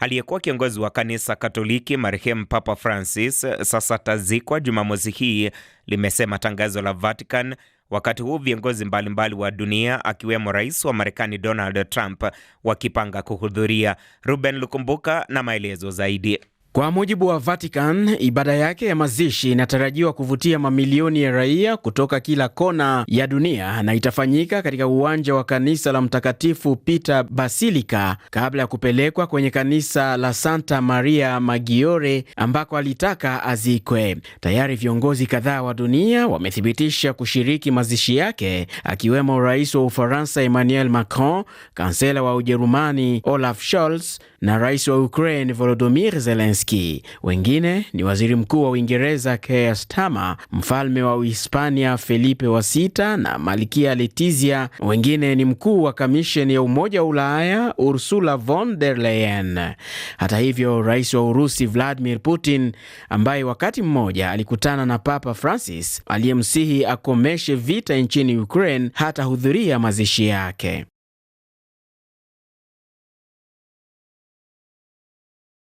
Aliyekuwa kiongozi wa kanisa Katoliki marehemu Papa Francis sasa atazikwa Jumamosi hii, limesema tangazo la Vatican. Wakati huu viongozi mbalimbali wa dunia akiwemo rais wa Marekani Donald Trump wakipanga kuhudhuria. Ruben Lukumbuka na maelezo zaidi. Kwa mujibu wa Vatican, ibada yake ya mazishi inatarajiwa kuvutia mamilioni ya raia kutoka kila kona ya dunia na itafanyika katika uwanja wa kanisa la Mtakatifu Peter Basilica kabla ya kupelekwa kwenye kanisa la Santa Maria Maggiore ambako alitaka azikwe. Tayari viongozi kadhaa wa dunia wamethibitisha kushiriki mazishi yake, akiwemo Rais wa Ufaransa Emmanuel Macron, Kansela wa Ujerumani Olaf Scholz na Rais wa Ukraine Volodymyr Zelensky. Zelenski. Wengine ni waziri mkuu wa Uingereza Keir Starmer, mfalme wa Uhispania Felipe wa sita na malkia Letizia. Wengine ni mkuu wa kamisheni ya Umoja wa Ulaya Ursula von der Leyen. Hata hivyo, rais wa Urusi Vladimir Putin, ambaye wakati mmoja alikutana na Papa Francis aliyemsihi akomeshe vita nchini Ukraine, hata hudhuria mazishi yake.